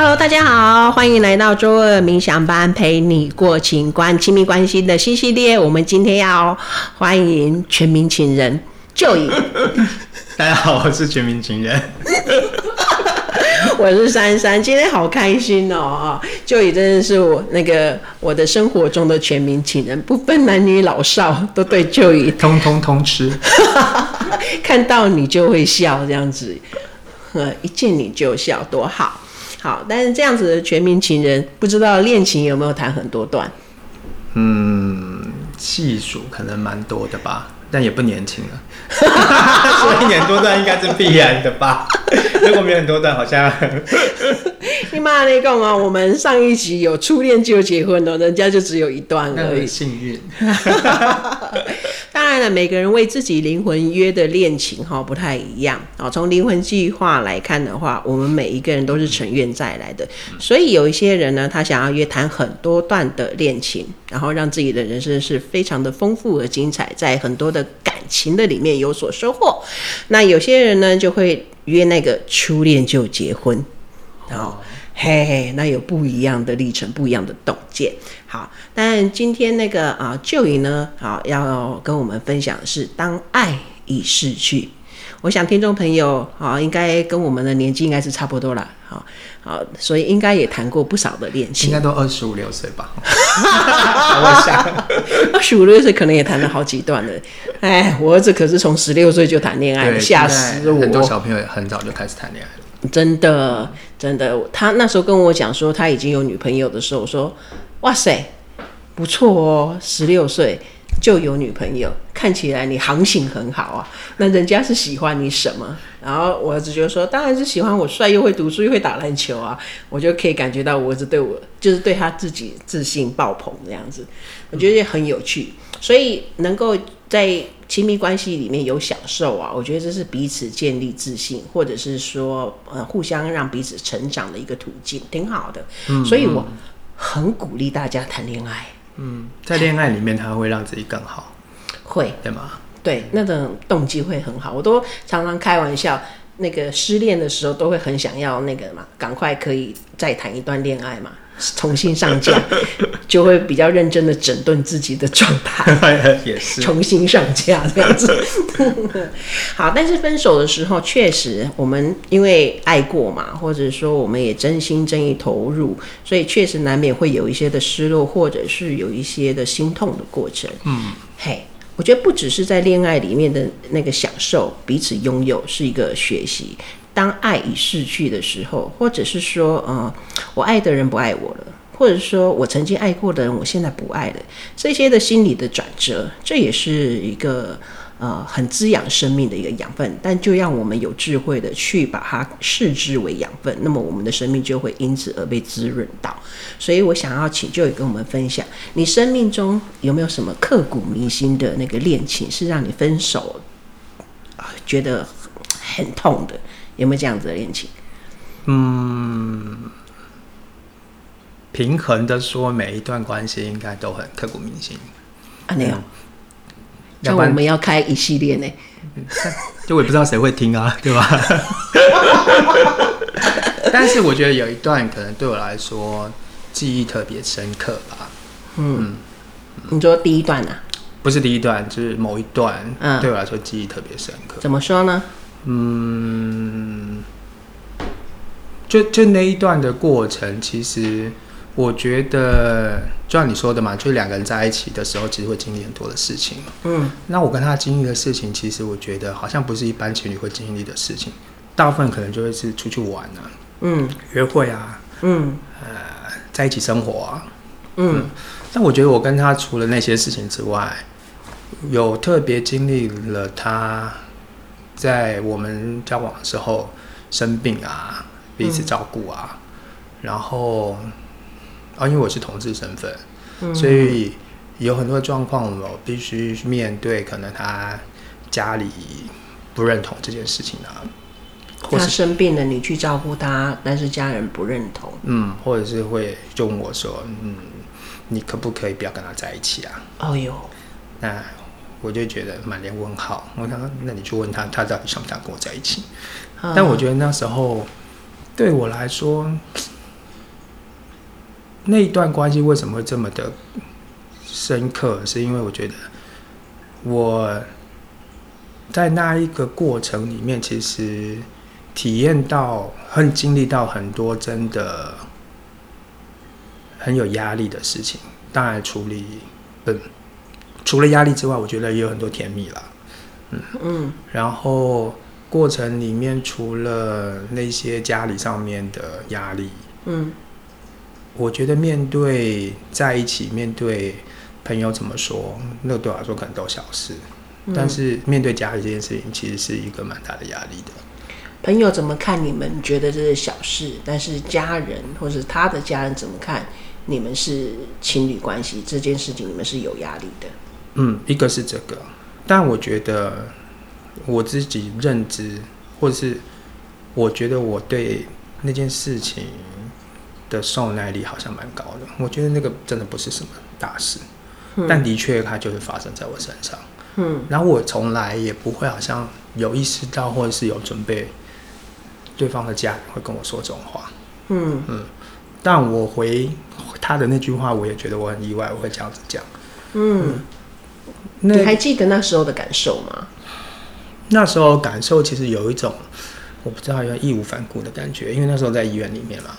Hello，大家好，歡迎來到週二冥想班，陪你過情關，親密關係的新系列。我們今天要歡迎全民情人 Joey。大家好，我是全民情人， 我是珊珊，今天好開心哦。Joey 真的是我那個我的生活中的全民情人，不分男女老少，都對 Joey 通通通吃， 看到你就會笑，這樣子，呵，一見你就笑，多好。好，但是這樣子的全民情人，不知道戀情有沒有談很多段？嗯，細數可能蠻多的吧，但也不年輕了。 所以很多段應該是必然的吧？ 如果沒有很多段，好像你媽勒個媽！我們上一集有初戀就結婚了，人家就只有一段而已，幸運。 當然了，每個人為自己靈魂約的戀情哈不太一樣啊。從靈魂計劃來看的話，我們每一個人都是成願再來的，所以有一些人呢，他想要約談很多段的戀情，然後讓自己的人生是非常的豐富和精彩，在很多的感情的裡面有所收穫。那有些人呢，就會約那個初戀就結婚，好。嘿，嘿，那有不一樣的歷程，不一樣的洞見。好，但今天那個啊，Joey 呢？好、啊，要跟我們分享的是當愛已逝去。我想聽眾朋友啊，應該跟我們的年紀應該是差不多了。好好，所以應該也談過不少的戀情。應該都二十五六歲吧？我想二十五六歲可能也談了好幾段了。哎，我兒子可是從十六歲就談戀愛，嚇死我！很多小朋友很早就開始談戀愛了，真的。真的，他那時候跟我講說他已經有女朋友的時候，我說：“哇塞，不錯哦，十六歲就有女朋友，看起來你行情很好啊。”那人家是喜歡你什麼？然後我兒子就說，當然是喜歡我帥又會讀書又會打籃球啊，我就可以感覺到我兒子對我就是對他自己自信爆棚這樣子，我覺得很有趣，所以能夠在，親密關係裡面有享受啊，我覺得這是彼此建立自信，或者是說，呃，互相讓彼此成長的一個途徑，挺好的。嗯，所以我很鼓勵大家談戀愛。嗯，在戀愛裡面，他會讓自己更好，會對嗎？對，那個動機會很好。我都常常開玩笑。那個失戀的時候都會很想要那個嘛，趕快可以再談一段戀愛嘛，重新上架， 就會比較認真的整頓自己的狀態， 也是重新上架這樣子。 好，但是分手的時候，確實我們因為愛過嘛，或者說我們也真心真意投入，所以確實難免會有一些的失落，或者是有一些的心痛的過程。嗯，嘿、hey。我覺得不只是在戀愛裡面的那個享受，彼此擁有是一個學習。當愛已逝去的時候，或者是說，呃，我愛的人不愛我了，或者說，我曾經愛過的人，我現在不愛了，這些的心理的轉折，這也是一個。呃，很滋養生命的一個養分，但就讓我們有智慧的去把它視之為養分，那麼我們的生命就會因此而被滋潤到。所以我想要請 Joey 跟我們分享，你生命中有沒有什麼刻骨銘心的那個戀情，是讓你分手、呃、覺得很痛的？有沒有這樣子的戀情？嗯，平衡的說，每一段關係應該都很刻骨銘心、嗯。啊，沒有。像我們要開一系列呢，就我也不知道誰會聽啊，對吧？ 但是我覺得有一段可能對我來說記憶特別深刻吧，嗯。嗯，你說第一段啊？不是第一段，就是某一段，對我來說記憶特別深刻，嗯。怎麼說呢？嗯，就就那一段的過程，其實我覺得。就像你說的嘛，就是兩個人在一起的時候，其實會經歷很多的事情。嗯，那我跟他經歷的事情，其實我覺得好像不是一般情侶會經歷的事情。大部分可能就會是出去玩啊，嗯，約會啊，嗯，呃，在一起生活啊嗯，嗯。但我覺得我跟他除了那些事情之外，有特別經歷了他，在我們交往的時候生病啊，彼此照顧啊、嗯，然後。啊，因為我是同志身份、嗯，所以有很多狀況我必須面對。可能他家裡不認同這件事情啊，或是他生病了，你去照顧他，但是家人不認同。嗯，或者是會就問我說：“嗯，你可不可以不要跟他在一起啊？”哎、哦、呦，那我就覺得滿臉問號。我想，那你就問他，他到底想不想跟我在一起？嗯、但我覺得那時候對我來說。那一段關係為什麼會這麼的深刻？是因為我覺得我在那一個過程裡面，其實體驗到、很經歷到很多真的很有壓力的事情。當然，處理不、嗯、除了壓力之外，我覺得也有很多甜蜜啦、嗯。嗯。然後過程裡面除了那些家裡上面的壓力，嗯。嗯我覺得面對在一起，面對朋友怎麼說，那對我來說可能都小事，嗯。但是面對家裡這件事情，其實是一個蠻大的壓力的。朋友怎麼看你們覺得這是小事，但是家人或是他的家人怎麼看你們是情侶關係這件事情，你們是有壓力的。嗯，一個是這個，但我覺得我自己認知，或是我覺得我對那件事情的受耐力好像蠻高的，我覺得那個真的不是什麼大事，嗯、但的確它就是發生在我身上。嗯，然後我從來也不會好像有意識到，或者是有準備，對方的家人會跟我說這種話。嗯嗯，但我回他的那句話，我也覺得我很意外，我會這樣子講。嗯，你、嗯、還記得那時候的感受嗎？那時候感受其實有一種，我不知道叫義無反顧的感覺，因為那時候在醫院裡面嘛。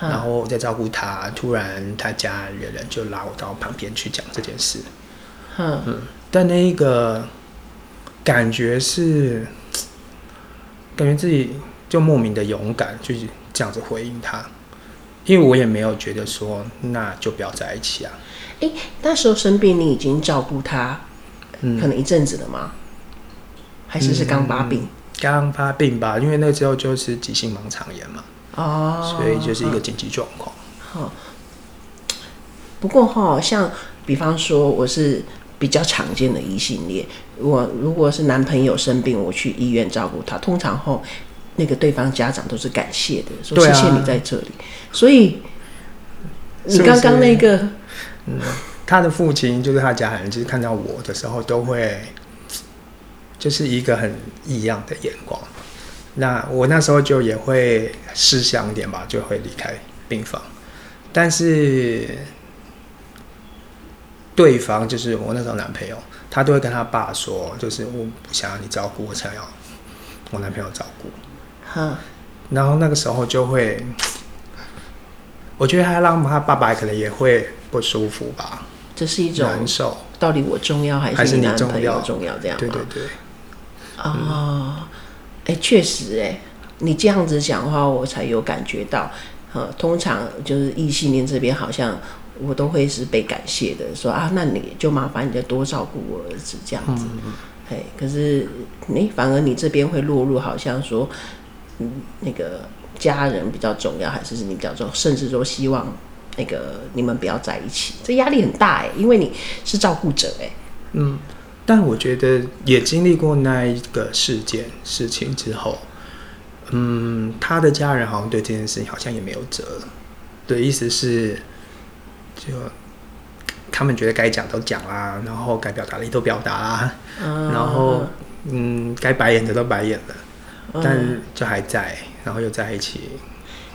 然後我在照顧他，突然他家裡人就拉我到我旁邊去講這件事。嗯，嗯，但那一個感覺是，感覺自己就莫名的勇敢，去這樣子回應他，因為我也沒有覺得說那就不要在一起啊。誒，那時候生病你已經照顧他，可能一陣子了嗎？嗯。還是是剛發病？剛發病吧，因為那時候就是急性盲腸炎嘛。哦，所以就是一個緊急狀況。好，不過哈，像比方說我是比較常見的異性戀，我如果是男朋友生病，我去醫院照顧他，通常哈，那個對方家長都是感謝的，說謝謝你在這裡。啊、所以 你剛剛那個，是是嗯， 他的父親就是他家長，就是看到我的時候，都會就是一個很異樣的眼光。那我那時候就也會思想一點吧，就會離開病房。但是對方就是我那時候男朋友，他都會跟他爸說，就是我不想要你照顧，我想要我男朋友照顧。然後那個時候就會，我覺得他讓他爸爸可能也會不舒服吧。這是一種難受，到底我重要還是你重要？重要，這樣對對對。啊、哦。嗯哎、欸，確實哎、欸，你這樣子講的話，我才有感覺到。通常就是異性戀這邊，好像我都會是被感謝的，說啊，那你就麻煩你就多照顧我兒子這樣子。嗯欸，可是你，欸、反而你這邊會落入好像說，嗯，那個家人比較重要，還是你比較重要，甚至說希望那個你們不要在一起，這壓力很大哎、欸，因為你是照顧者哎、欸，嗯。但我覺得也經歷過那一個事件事情之後，嗯，他的家人好像對這件事情好像也沒有責，對，意思是，就他們覺得該講都講啦、啊，然後該表達的都表達啦、啊哦，然後嗯，該白眼的都白眼了、嗯，但就還在，然後又在一起。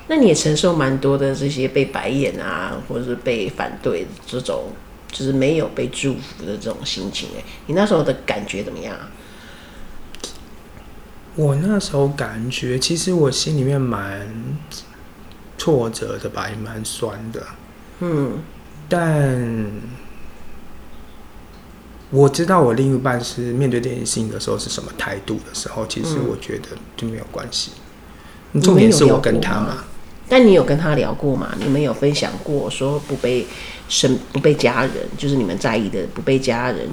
那你也承受蠻多的這些被白眼啊，或者是被反對這種。就是沒有被祝福的這種心情、欸，哎，你那時候的感覺怎麼樣啊？我那時候感覺，其實我心裡面蠻挫折的吧，也蠻酸的。嗯，但我知道我另一半是面對這件事情的時候是什麼態度的時候、嗯，其實我覺得就沒有關係。重點是我跟他嘛，但你有跟他聊過嗎？你們有分享過說不被。生不被家人，就是你們在意的不被家人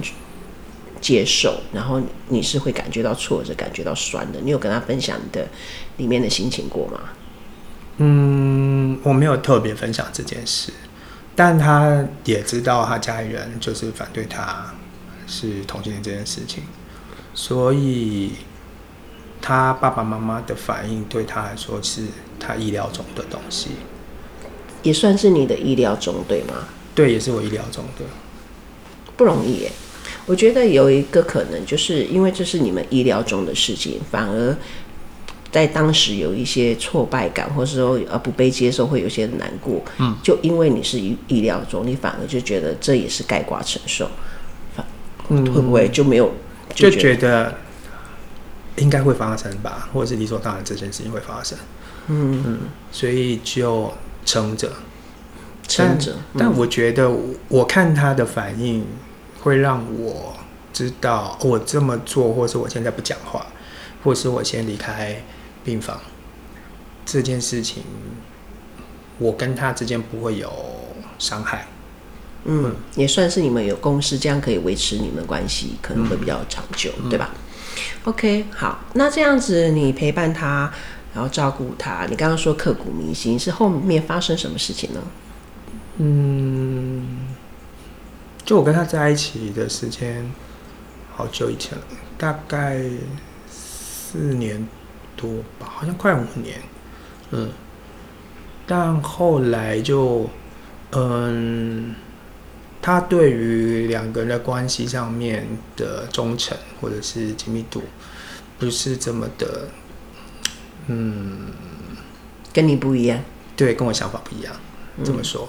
接受，然後你是會感覺到挫折，感覺到酸的。你有跟他分享你的裡面的心情過嗎？嗯，我沒有特別分享這件事，但他也知道他家裡人就是反對他是同性戀這件事情，所以他爸爸媽媽的反應對他來說是他意料中的東西，也算是你的意料中，對嗎？對，也是我意料中的，不容易。我覺得有一個可能，就是因為這是你們意料中的事情，反而在當時有一些挫敗感，或是說呃，不被接受，會有些難過。嗯，就因為你是意意料中，你反而就覺得這也是概括承受反、嗯，會不會就沒有就覺得應該會發生吧，或者是理所當然這件事情會發生。嗯嗯，所以就撐着。但，但我覺得，我看他的反應，會讓我知道，我這麼做，或者我現在不講話，或者是我先離開病房，這件事情，我跟他之間不會有傷害嗯。嗯，也算是你們有共識，這樣可以維持你們關係，可能會比較長久，嗯、對吧？嗯。OK，好，那這樣子你陪伴他，然後照顧他，你剛剛說刻骨銘心，是後面發生什麼事情呢？嗯，就我跟他在一起的時間，好久以前了，大概四年多吧，好像快五年。嗯，但後來就，嗯，他對於兩個人的關係上面的忠誠或者是親密度，不是這麼的，嗯，跟你不一樣。對，跟我想法不一樣。嗯，這麼說。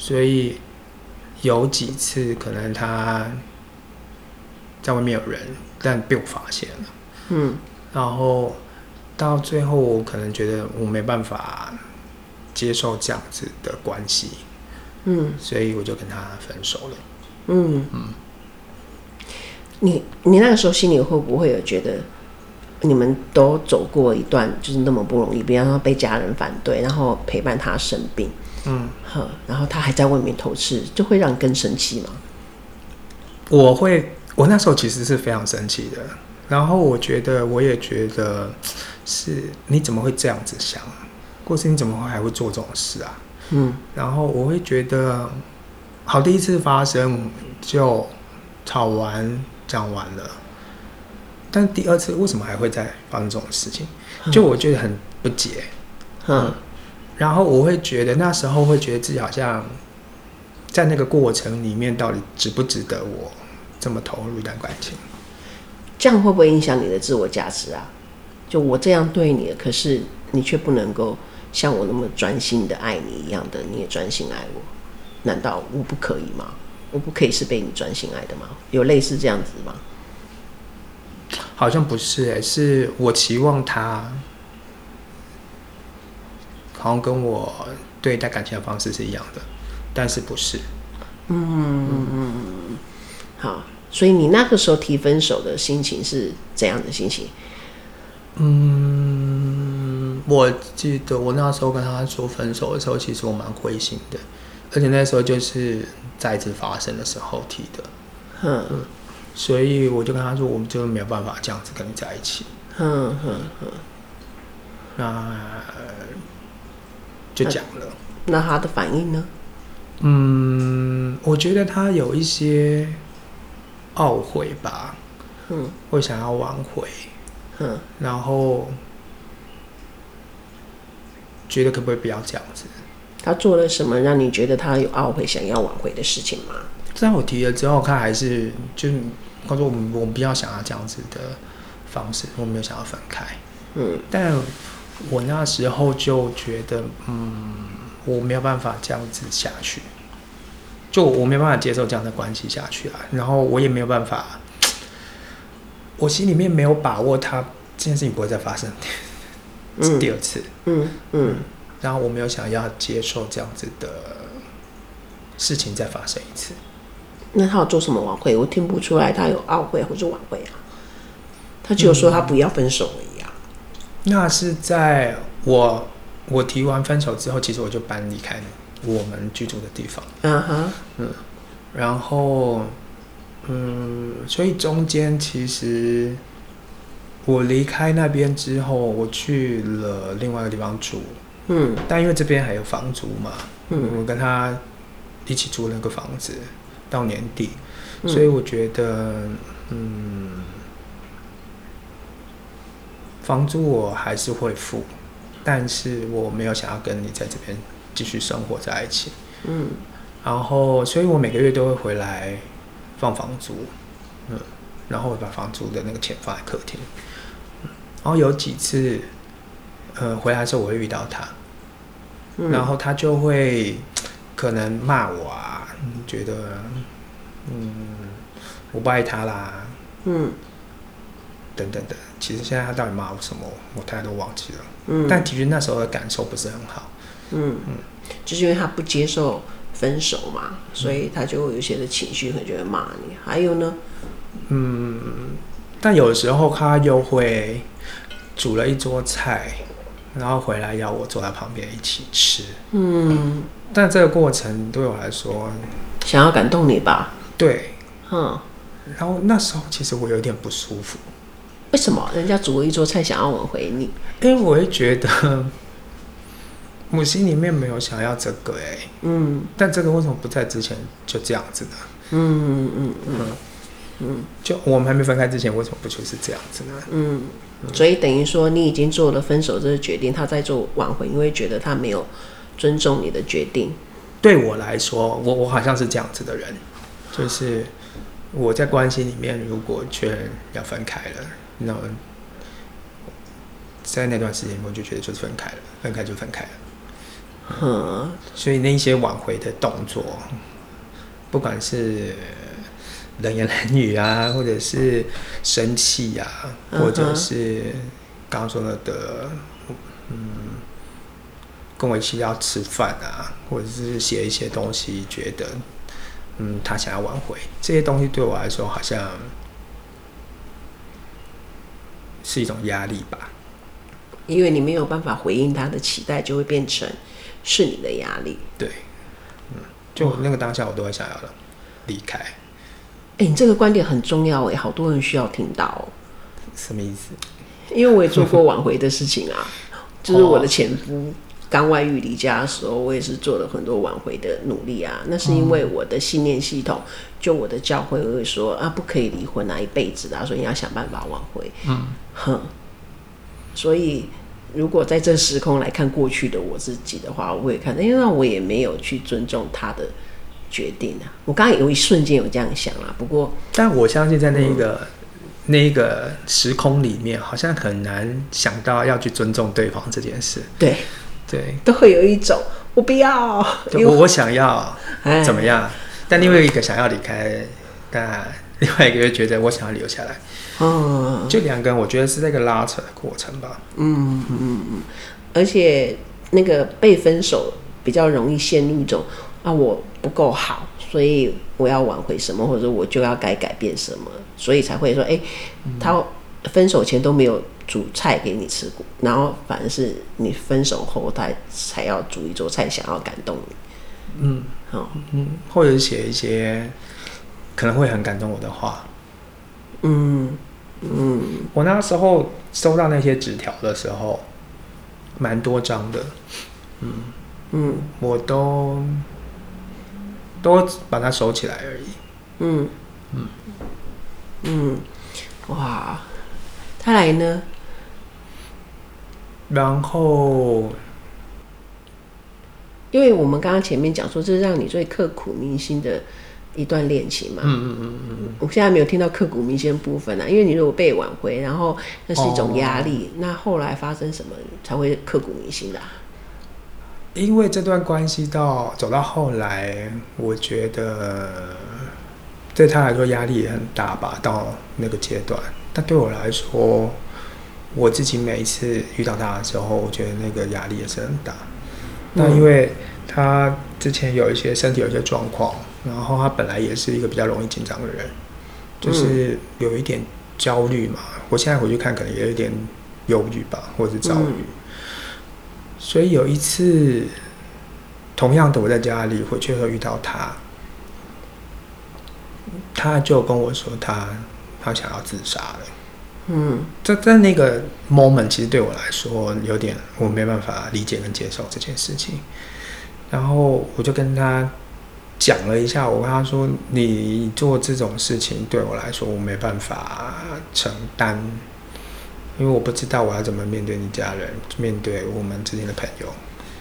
所以有幾次可能他在外面有人，但被我發現了。嗯，然後到最後我可能覺得我沒辦法接受這樣子的關係。嗯，所以我就跟他分手了。嗯嗯，你你那個時候心裡會不會有覺得你們都走過一段就是那麼不容易，比方說被家人反對，然後陪伴他生病？嗯，哼。然後他還在外面偷吃，就會讓你更生氣嗎？我會，我那時候其實是非常生氣的。然後我覺得，我也覺得是，你怎麼會這樣子想？或是你怎麼會還會做這種事啊？嗯，然後我會覺得，好，第一次發生就吵完講完了，但第二次為什麼還會再發生這種事情？嗯、就我覺得很不解，嗯。嗯嗯然後我會覺得，那時候會覺得自己好像，在那個過程裡面到底值不值得我這麼投入一段感情。這樣會不會影響你的自我價值啊？就我這樣對你，可是你卻不能夠像我那麼專心的愛你一樣的，你也專心愛我，難道我不可以嗎？我不可以是被你專心愛的嗎？有類似這樣子嗎？好像不是欸，是我期望他。好像跟我對待感情的方式是一樣的，但是不是？嗯嗯嗯嗯嗯。好，所以你那個時候提分手的心情是怎樣的心情？嗯，我記得我那時候跟他說分手的時候，其實我蠻灰心的，而且那時候就是再次發生的時候提的。嗯。嗯，所以我就跟他說，我們就沒有辦法這樣子跟你在一起。嗯嗯嗯。那。就講了那，那他的反應呢？嗯，我覺得他有一些懊悔吧。嗯，會想要挽回。嗯，然後覺得可不可以不要這樣子？他做了什麼讓你覺得他有懊悔、想要挽回的事情嗎？在我提了之後，我看還是就，是他說我們我們比較想要這樣子的方式，我沒有想要分開。嗯，但。我那時候就覺得，嗯，我沒有辦法這樣子下去，就我沒有辦法接受這樣的關係下去啊，然後我也沒有辦法，我心裡面沒有把握它，他這件事情不會再發生，第二次。嗯嗯，嗯，嗯。然後我沒有想要接受這樣子的事情再發生一次。那他有做什麼挽回？我聽不出來，他有懊悔或者挽回啊？他就說他不要分手。嗯那是在我我提完分手之後，其實我就搬離開了我們居住的地方。Uh-huh. 嗯哼，然後嗯，所以中間其實我離開那邊之後，我去了另外一個地方住。嗯，但因為這邊還有房租嘛，嗯，我跟他一起租了一個房子到年底，所以我覺得嗯。房租我還是會付，但是我沒有想要跟你在這邊繼續生活在一起。嗯，然後，所以我每個月都會回來放房租，嗯，然後會把房租的那個錢放在客廳。然後有幾次，呃，回來的時候我會遇到他，嗯，然後他就會可能罵我啊，覺得，嗯，我不愛他啦，嗯，等等等。其實現在他到底罵我什麼，我大概都忘記了。嗯。但其實那時候的感受不是很好。嗯，嗯，就是因為他不接受分手嘛，嗯、所以他就會有些的情緒，可能就會罵你。還有呢，嗯，但有時候他又會煮了一桌菜，然後回來要我坐在旁邊一起吃。嗯。但這個過程對我來說，想要感動你吧？對。嗯。然後那時候其實我有點不舒服。為什麼人家煮了一桌菜想要挽回你？因為我會覺得我心裡面沒有想要這個哎、欸，嗯，但這個為什麼不在之前就這樣子呢？嗯嗯嗯嗯嗯，就我們還沒分開之前，為什麼不就是這樣子呢？嗯，所以等於說你已經做了分手這個決定，他在做挽回，因為覺得他沒有尊重你的決定。對我來說，我我好像是這樣子的人，就是我在關係裡面，如果確認要分開了，那、no, 在那段時間，我就覺得就是分開了，分開就分開了。Uh -huh. 所以那些挽回的動作，不管是冷言冷語啊，或者是生氣啊，uh -huh. 或者是剛剛說的的，嗯，跟我一起要吃飯啊，或者是寫一些東西，覺得嗯，他想要挽回這些東西，對我來說好像。是一種壓力吧，因為你沒有辦法回應他的期待，就會變成是你的壓力。對，嗯，就那個當下，我都會想要的離開。哎，你這個觀點很重要哎，好多人需要聽到哦。什麼意思？因為我也做過挽回的事情啊， 就是我的前夫。哦剛外遇離家的時候，我也是做了很多挽回的努力啊。那是因為我的信念系統，嗯、就我的教會會說啊，不可以離婚啊，一輩子啊，所以你要想辦法挽回。嗯，哼。所以如果在這時空來看過去的我自己的話，我會看，因為，哎，我也沒有去尊重他的決定啊。我剛才有一瞬間有這樣想啊，不過，但我相信在那一個、嗯、那一個時空裡面，好像很難想到要去尊重對方這件事。對。對，都會有一種我不要，我想要怎麼樣？但另外一個想要離開，但另外一個人覺得我想要留下來，嗯，就兩個人，我覺得是那個拉扯的過程吧。嗯嗯嗯，而且那個被分手比較容易陷入一種啊，我不夠好，所以我要挽回什麼，或者我就要改改變什麼，所以才會說，哎、欸，他分手前都沒有，煮菜給你吃過，然後反正是你分手後，他才要煮一桌菜，想要感動你。嗯，好，嗯，嗯，或者是寫一些可能會很感動我的話。嗯嗯，我那時候收到那些紙條的時候，蠻多張的。嗯嗯，我都都把它收起來而已。嗯嗯嗯，嗯，嗯，哇，他來呢。然後，因為我們剛剛前面講說，這是讓你最刻骨銘心的一段戀情嘛。嗯嗯嗯嗯。我現在沒有聽到刻骨銘心的部分啊，因為你如果被挽回，然後那是一種壓力。哦，那後來發生什麼才會刻骨銘心的啊？因為這段關係到走到後來，我覺得對他來說壓力也很大吧。嗯、到那個階段，但對我來說。嗯我自己每一次遇到他的時候，我覺得那個壓力也是很大。那、嗯、因為他之前有一些身體有一些狀況，然後他本來也是一個比較容易緊張的人，就是有一點焦慮嘛、嗯。我現在回去看，可能也有一點憂鬱吧，或者是焦慮、嗯。所以有一次，同樣的我在家裡回去會遇到他，他就跟我說他他想要自殺了。嗯，在在那個 moment，其實對我來說有點我沒辦法理解跟接受這件事情。然後我就跟他講了一下，我跟他說：“你做這種事情對我來說，我沒辦法承擔，因為我不知道我要怎麼面對你家人，面對我們之間的朋友。”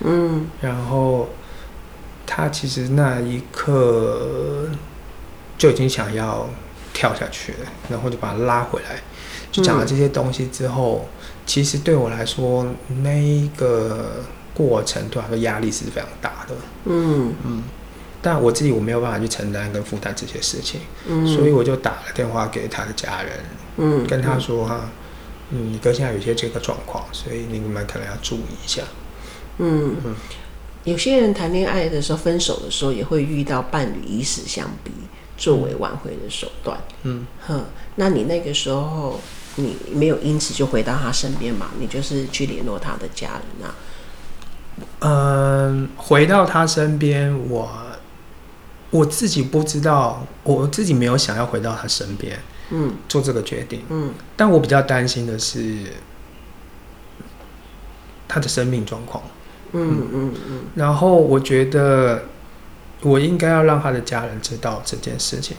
嗯，然後他其實那一刻就已經想要跳下去了，然後就把他拉回來。就講了這些東西之後，嗯，其實對我來說，那個過程，對我來說壓力是非常大的。嗯嗯，但我自己我沒有辦法去承擔跟負擔這些事情。嗯，所以我就打了電話給他的家人。嗯，跟他說，嗯，哈，嗯，你哥現在有些這個狀況，所以你們可能要注意一下。嗯嗯，有些人談戀愛的時候，分手的時候也會遇到伴侶以死相逼，嗯，作為挽回的手段。嗯哼，那你那個時候。你沒有因此就回到他身邊嘛？你就是去聯絡他的家人啊。嗯、呃，回到他身邊，我我自己不知道，我自己沒有想要回到他身邊。嗯，做這個決定。嗯，但我比較擔心的是他的生命狀況。嗯嗯嗯。然後我覺得我應該要讓他的家人知道這件事情。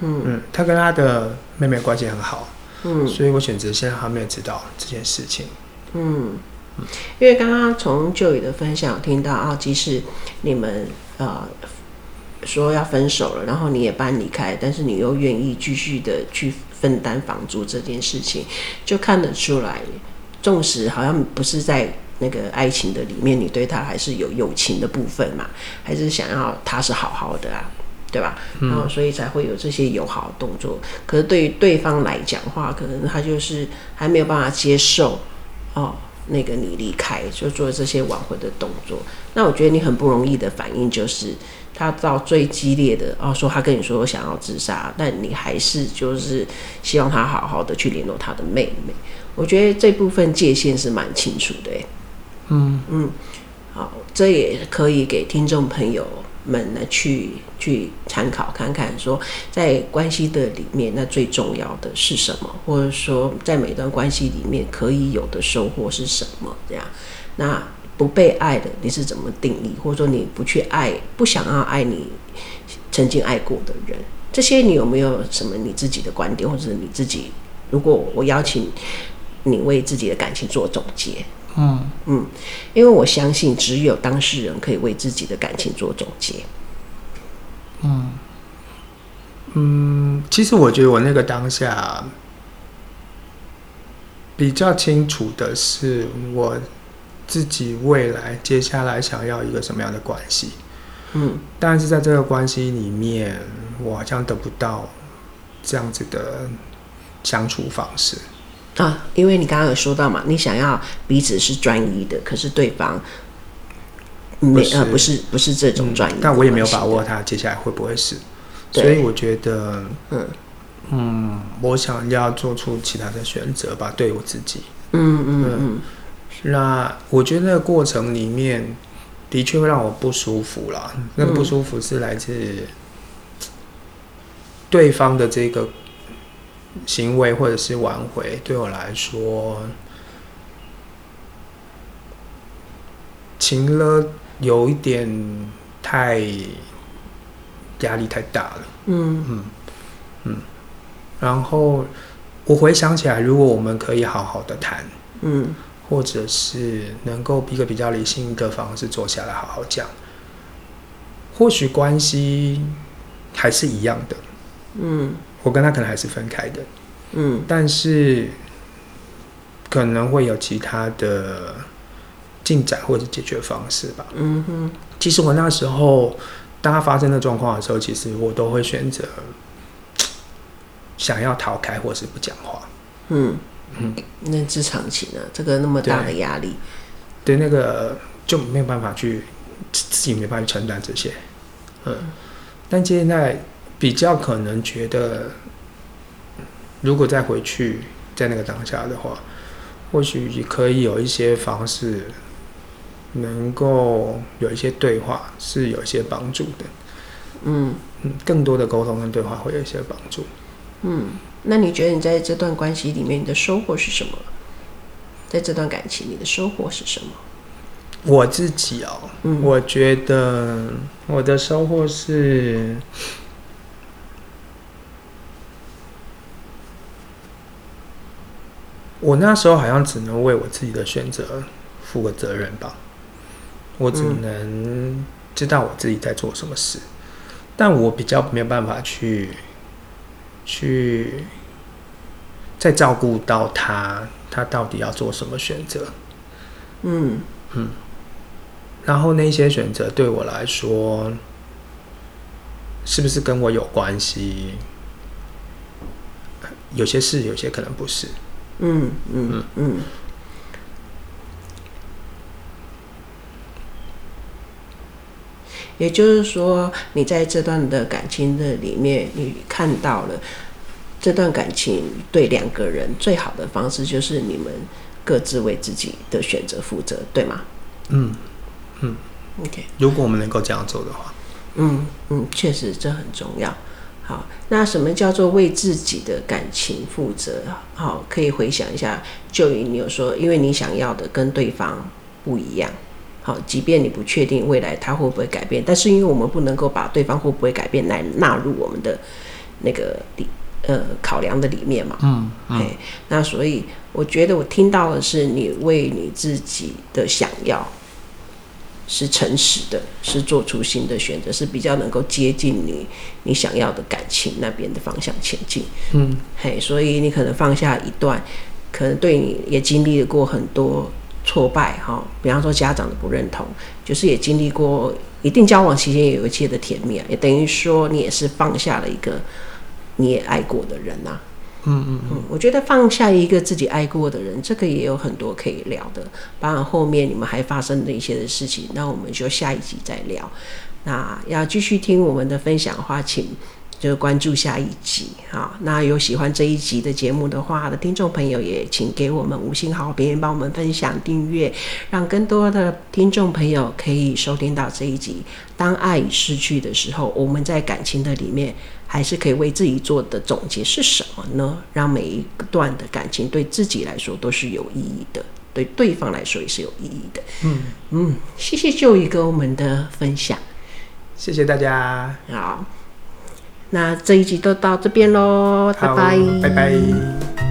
嗯嗯，他跟他的妹妹關係很好。嗯，所以我選擇現在還沒有知道這件事情。嗯，因為剛剛從 Joey 的分享聽到，啊，即使你們呃說要分手了，然後你也搬離開，但是你又願意繼續的去分擔房租這件事情，就看得出來，縱使好像不是在那個愛情的裡面，你對他還是有友情的部分嘛，還是想要他是好好的啊。對吧？嗯，然後所以才會有這些友好的動作。可是對於對方來講的話，可能他就是還沒有辦法接受哦，那個你離開就做這些挽回的動作。那我覺得你很不容易的反應就是，他到最激烈的哦，說他跟你說我想要自殺，但你還是就是希望他好好的去聯絡他的妹妹。我覺得這部分界限是蠻清楚的欸。嗯嗯，好，這也可以給聽眾朋友。們呢，去去參考看看，說在關係的裡面，那最重要的是什麼？或者說，在每段關係裡面可以有的收穫是什麼？這樣，那不被愛的你是怎麼定義？或者說，你不去愛，不想要愛你曾經愛過的人，這些你有沒有什麼你自己的觀點？或者你自己，如果我邀請你為自己的感情做總結？嗯嗯，因為我相信，只有當事人可以為自己的感情做總結。嗯嗯，其實我覺得我那個當下比較清楚的是，我自己未來接下來想要一個什麼樣的關係。嗯，但是在這個關係裡面，我好像得不到這樣子的相處方式。啊，因為你剛剛有說到嘛，你想要彼此是專一的，可是對方沒呃，不是不是這種專一的、嗯，但我也沒有把握他接下來會不會是，對，所以我覺得，嗯嗯，我想要做出其他的選擇吧，對我自己，嗯嗯嗯，那我覺得那個過程裡面的確會讓我不舒服啦，那個、不舒服是來自對方的這個。行為或者是挽回，對我來說，聽了有一點太壓力太大了。嗯嗯嗯。然後我回想起來，如果我們可以好好的談，嗯，或者是能夠一個比較理性的方式坐下來好好講，或許關係還是一樣的。嗯。我跟他可能還是分開的，嗯，但是可能會有其他的進展或者解決方式吧。嗯哼，其實我那時候，當他發生的狀況的時候，其實我都會選擇想要逃開或是不講話。嗯嗯，人、欸、之常情啊，這個那麼大的壓力，對，對那個就沒有辦法去自己沒辦法去承擔這些。嗯，嗯但現在。比較可能覺得，如果再回去在那個當下的話，或許你可以有一些方式，能夠有一些對話是有一些幫助的。嗯，更多的溝通跟對話會有一些幫助。嗯，那你覺得你在這段關係裡面，你的收穫是什麼？在這段感情你的收穫是什麼？我自己哦，嗯，我覺得我的收穫是。我那時候好像只能為我自己的選擇負個責任吧，我只能知道我自己在做什麼事，嗯、但我比較沒有辦法去，去，再照顧到他，他到底要做什麼選擇？嗯嗯，然後那些選擇對我來說，是不是跟我有關係？有些是，有些可能不是。嗯嗯嗯，也就是說，你在這段的感情的裡面，你看到了這段感情對兩個人最好的方式，就是你們各自為自己的選擇負責，對嗎？嗯嗯，Okay。如果我們能夠這樣做的話，嗯嗯，確實這很重要。好，那什麼叫做為自己的感情負責？好，可以回想一下，就你有說，因為你想要的跟對方不一樣，好，即便你不確定未來他會不會改變，但是因為我們不能夠把對方會不會改變來納入我們的那個呃考量，的裡面嘛，嗯，哎、嗯，那所以我覺得我聽到的是你為你自己的想要。是誠實的，是做出新的選擇，是比較能夠接近你你想要的感情那邊的方向前進。嗯，嘿、hey，所以你可能放下一段，可能對你也經歷了過很多挫敗哈、哦，比方說家長的不認同，就是也經歷過一定交往期間，也有一切的甜蜜、啊，也等於說你也是放下了一個你也愛過的人吶、啊。嗯，嗯嗯嗯，我覺得放下一個自己愛過的人，這個也有很多可以聊的。包括後面你們還發生的一些的事情，那我們就下一集再聊。那要繼續聽我們的分享的話，請就關注下一集哈。那有喜歡這一集的節目的話的聽眾朋友，也請給我們五星好評，幫我們分享、訂閱，讓更多的聽眾朋友可以收聽到這一集。當愛已逝去的時候，我們在感情的裡面。還是可以為自己做的總結是什麼呢？讓每一段的感情對自己來說都是有意義的，對對方來說也是有意義的。嗯嗯，謝謝 Joey 跟我們的分享，謝謝大家。好，那這一集都到這邊嘍，拜拜拜拜。